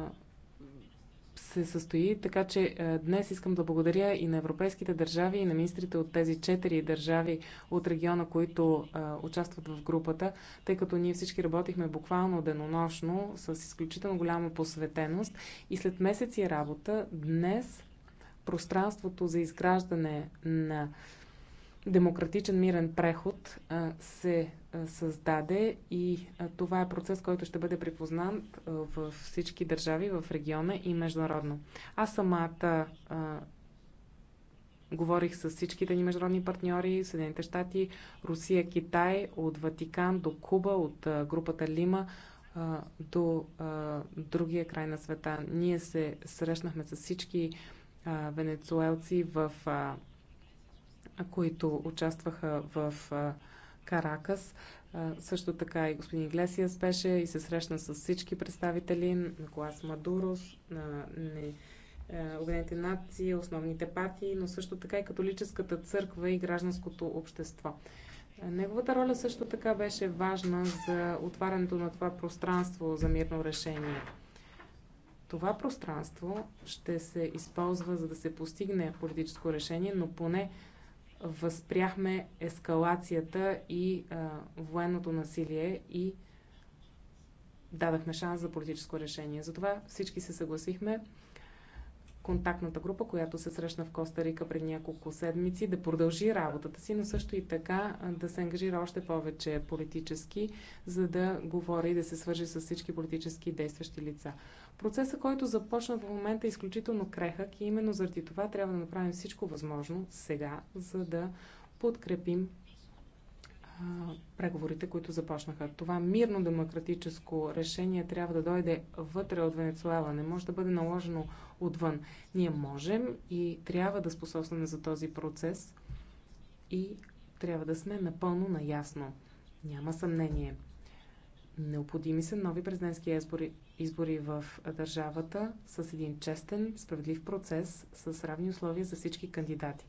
се състои. Така че днес искам да благодаря и на европейските държави, и на министрите от тези четири държави от региона, които а, участват в групата, тъй като ние всички работихме буквално денонощно с изключително голяма посветеност. И след месеци работа, днес пространството за изграждане на демократичен мирен преход се създаде и това е процес, който ще бъде припознан във всички държави в региона и международно. Аз самата Говорих с всичките ни международни партньори, Съединените щати, Русия, Китай, от Ватикан до Куба, от групата Лима до другия край на света. Ние се срещнахме с всички венецуелци в които участваха в Каракас. Също така и господин Иглесиас беше и се срещна с всички представители на Клас Мадурос, на не, Обединените нации, основните партии, но също така и католическата църква и гражданското общество. Неговата роля също така беше важна за отварянето на това пространство за мирно решение. Това пространство ще се използва, за да се постигне политическо решение, но поне възпряхме ескалацията и а, военното насилие и дадахме шанс за политическо решение. Затова всички се съгласихме контактната група, която се срещна в Коста Рика преди няколко седмици, да продължи работата си, но също и така да се ангажира още повече политически, за да говори и да се свържи с всички политически действащи лица. Процесът, който започна в момента е изключително крехък и именно заради това трябва да направим всичко възможно сега, за да подкрепим преговорите, които започнаха. Това мирно демократическо решение трябва да дойде вътре от Венецуела. Не може да бъде наложено отвън. Ние можем и трябва да способстваме за този процес и трябва да сме напълно наясно. Няма съмнение. Необходими са нови президентски избори, избори в държавата с един честен, справедлив процес, с равни условия за всички кандидати.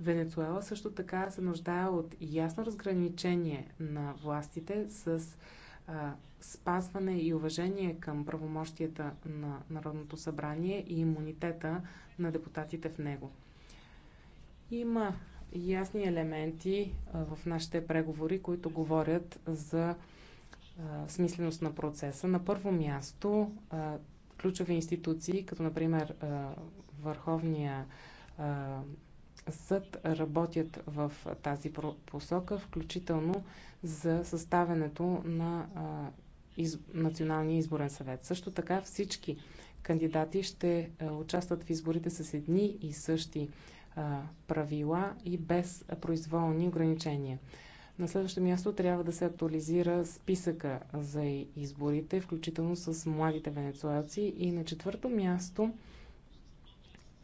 Венецуела също така се нуждае от ясно разграничение на властите с а, спазване и уважение към правомощията на Народното събрание и имунитета на депутатите в него. Има ясни елементи а, в нашите преговори, които говорят за а, смисленост на процеса. На първо място, а, ключови институции, като например Върховния съд работят в тази посока, включително за съставянето на из... Националния изборен съвет. Също така всички кандидати ще е, участват в изборите с едни и същи правила и без произволни ограничения. На следващо място трябва да се актуализира списъка за изборите, включително с младите венецуелци. И на четвърто място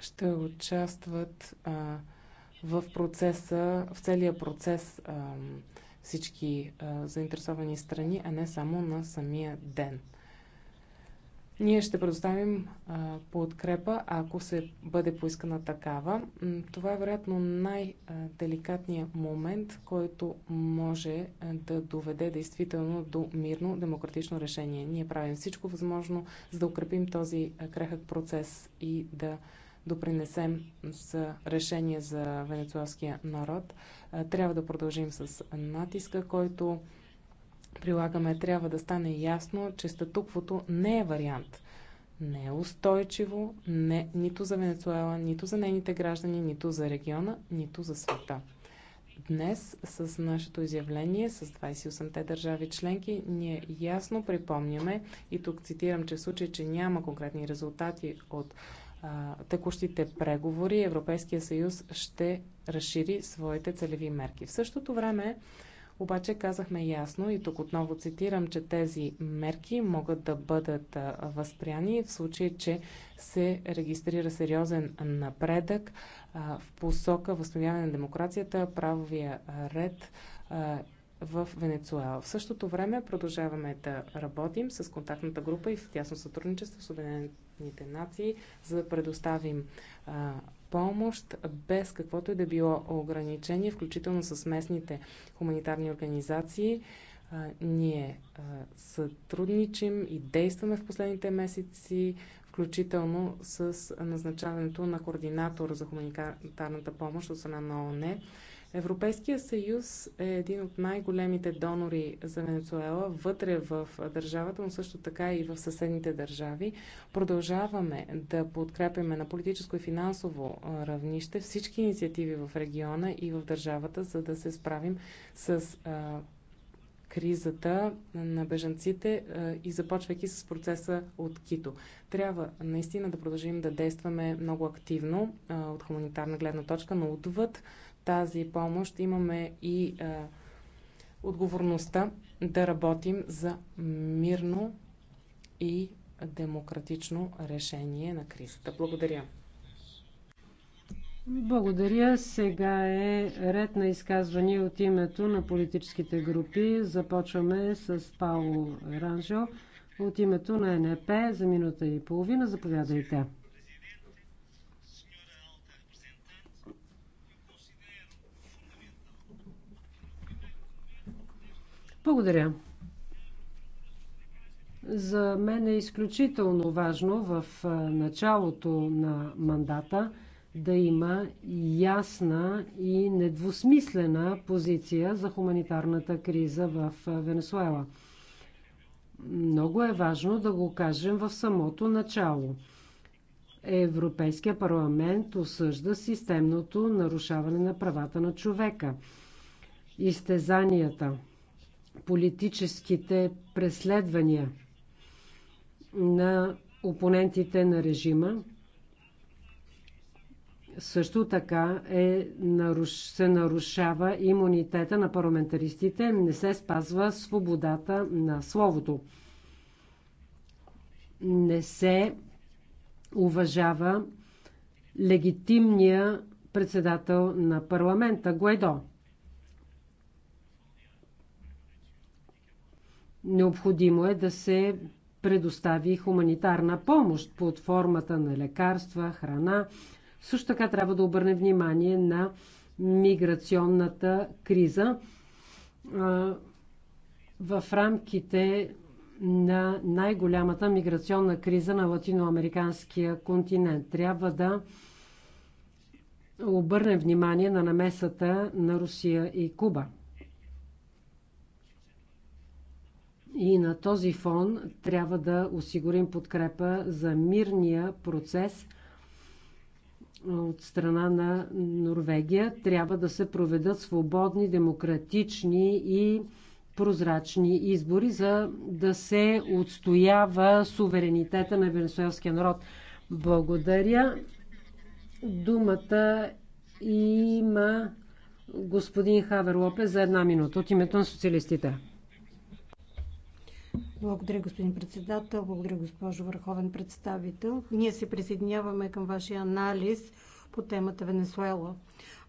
ще участват а, в процеса, в целия процес а, всички а, заинтересовани страни, а не само на самия ден. Ние ще предоставим а, подкрепа, ако се бъде поискана такава. Това е вероятно най-деликатният момент, който може да доведе действително до мирно демократично решение. Ние правим всичко възможно, за да укрепим този крехък процес и да допринесем с решение за венецуелския народ. Трябва да продължим с натиска, който прилагаме. Трябва да стане ясно, че статуквото не е вариант. Не е устойчиво не, нито за Венецуела, нито за нейните граждани, нито за региона, нито за света. Днес с нашето изявление с 28-те държави членки ние ясно припомняме и тук цитирам, че в случай, че няма конкретни резултати от текущите преговори Европейския съюз ще разшири своите целеви мерки. В същото време обаче казахме ясно и тук отново цитирам, че тези мерки могат да бъдат възприяни в случай, че се регистрира сериозен напредък в посока възстановяване на демокрацията, правовия ред в Венецуела. В същото време продължаваме да работим с контактната група и в тясно сътрудничество с Обединените съответните нации, за да предоставим а, помощ без каквото и да било ограничение, включително с местните хуманитарни организации. А, ние а, сътрудничим и действаме в последните месеци, включително с назначаването на координатор за хуманитарната помощ от страна на ОНЕ. Европейския съюз е един от най-големите донори за Венецуела вътре в държавата, но също така и в съседните държави. Продължаваме да подкрепяме на политическо и финансово равнище всички инициативи в региона и в държавата, за да се справим с кризата на бежанците и започвайки с процеса от Кито. Трябва наистина да продължим да действаме много активно от хуманитарна гледна точка, но отвъд тази помощ имаме и отговорността да работим за мирно и демократично решение на кризата. Благодаря. Благодаря. Сега е ред на изказвания от името на политическите групи. Започваме с Пауло Ранжо от името на НП за минута и половина. Заповядайте. Благодаря. За мен е изключително важно в началото на мандата – да има ясна и недвусмислена позиция за хуманитарната криза в Венесуела. Много е важно да го кажем в самото начало. Европейския парламент осъжда системното нарушаване на правата на човека, изтезанията, политическите преследвания на опонентите на режима, също така е, наруш, се нарушава имунитета на парламентаристите, не се спазва свободата на словото. Не се уважава легитимния председател на парламента Гуайдо. Необходимо е да се предостави хуманитарна помощ под формата на лекарства, храна също така трябва да обърнем внимание на миграционната криза в рамките на най-голямата миграционна криза на латиноамериканския континент. Трябва да обърнем внимание на намесата на Русия и Куба. И на този фон трябва да осигурим подкрепа за мирния процес от страна на Норвегия. Трябва да се проведат свободни, демократични и прозрачни избори, за да се отстоява суверенитета на венесуелския народ. Благодаря. Думата има господин Хавер Лопес за една минута от името на социалистите. Благодаря, господин председател. Благодаря, госпожо върховен представител. Ние се присъединяваме към вашия анализ по темата Венесуела.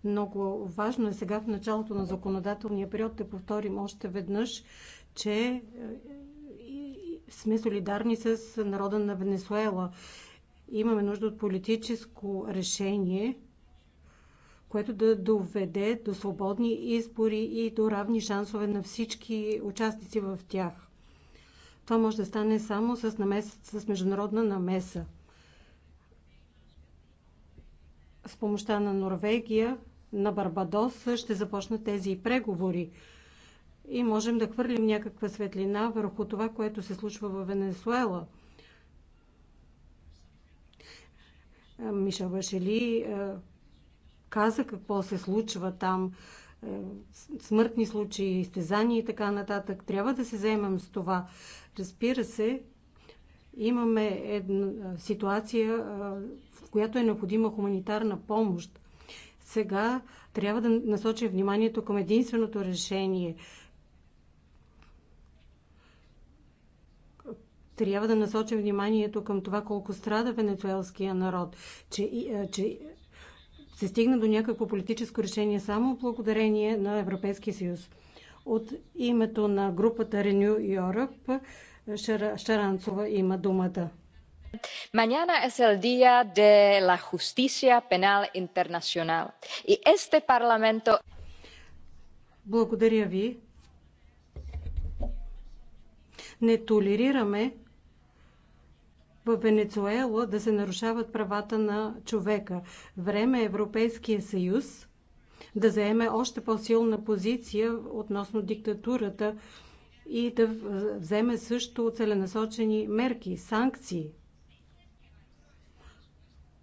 Много важно е сега в началото на законодателния период да повторим още веднъж, че е, сме солидарни с народа на Венесуела. Имаме нужда от политическо решение, което да доведе до свободни избори и до равни шансове на всички участници в тях. Това може да стане само с, намес, с международна намеса. С помощта на Норвегия, на Барбадос ще започнат тези преговори и можем да хвърлим някаква светлина върху това, което се случва в Венесуела. Миша Вашели каза какво се случва там, смъртни случаи, изтезания и така нататък. Трябва да се заемем с това. Разбира се, имаме една ситуация, в която е необходима хуманитарна помощ. Сега трябва да насочим вниманието към единственото решение. Трябва да насочим вниманието към това колко страда венецуелския народ, че, че се стигна до някакво политическо решение само благодарение на Европейския съюз. От името на групата Renew Europe Шаранцова има думата. Mañana es el Día de la Justicia Penal Internacional y este Parlamento. Благодаря ви. Не толерираме в Венецуела да се нарушават правата на човека. Време е Европейския съюз да заеме още по-силна позиция относно диктатурата и да вземе също целенасочени мерки, санкции.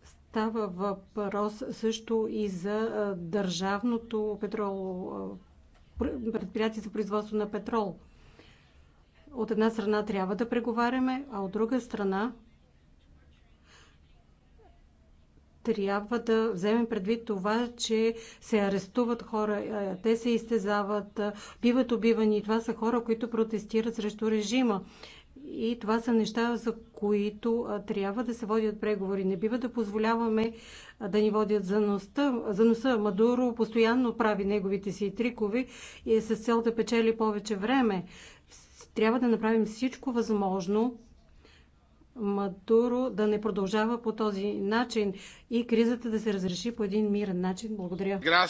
Става въпрос също и за държавното петрол, предприятие за производство на петрол. От една страна трябва да преговаряме, а от друга страна трябва да вземем предвид това, че се арестуват хора, те се изтезават, биват убивани. Това са хора, които протестират срещу режима. И това са неща, за които трябва да се водят преговори. Не бива да позволяваме да ни водят за, носа. за носа. Мадуро постоянно прави неговите си трикови и е с цел да печели повече време. Трябва да направим всичко възможно Мадуро да не продължава по този начин и кризата да се разреши по един мирен начин. Благодаря.